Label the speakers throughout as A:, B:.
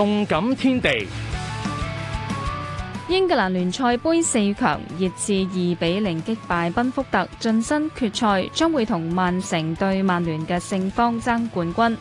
A: 動感天地，英格蘭聯賽杯四強熱刺二比零擊敗賓福特，晉身決賽，將會同曼城對曼聯嘅勝方爭冠軍。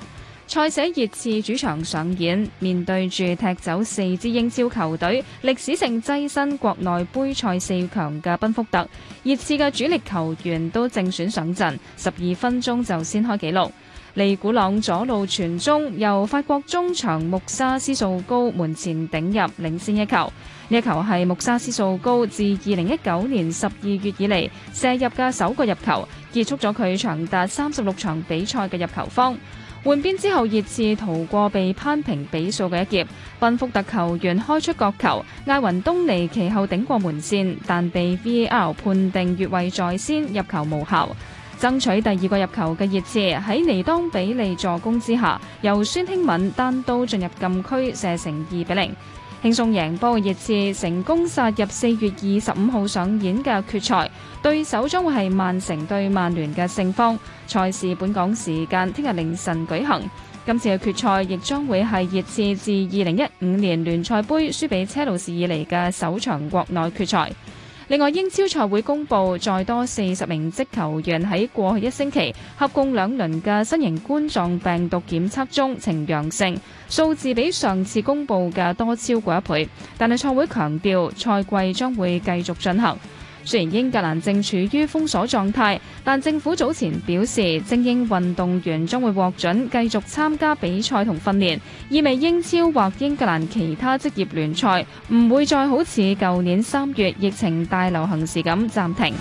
A: 賽事喺熱刺主場上演，面對住踢走四支英超球隊、歷史性躋身國內杯賽四強嘅賓福特，熱刺嘅主力球員都正選上陣，十二分鐘就先開紀錄。利古朗左路傳中，由法國中場穆沙斯素高門前頂入，領先一球。呢一球係穆沙斯素高自二零一九年十二月以嚟射入嘅首個入球，結束咗佢長達三十六場比賽嘅入球荒。換邊之後熱刺逃過被攀平比數嘅一劫。賓福特球員開出角球，艾雲東尼其後頂過門線，但被 VAR 判定越位在先，入球無效。爭取第二個入球嘅熱刺喺尼當比利助攻之下，由孫興慜單刀進入禁區，射成2比0。輕鬆贏波嘅熱刺成功殺入4月25號上演嘅決賽，對手將會係曼城對曼聯嘅勝方，賽事本港時間聽日凌晨舉行。今次嘅決賽亦將會係熱刺自2015年聯賽杯輸俾車路士以嚟嘅首場國內決賽。另外，英超賽會公佈再多四十名職球員喺過去一星期合共兩輪嘅新型冠狀病毒檢測中呈陽性，數字比上次公佈嘅多超過一倍。但係賽會強調，賽季將會繼續進行。雖然英格蘭正處於封鎖狀態，但政府早前表示，精英運動員將會獲准繼續參加比賽同訓練，意味英超或英格蘭其他職業聯賽唔會再好似舊年三月疫情大流行時咁暫停。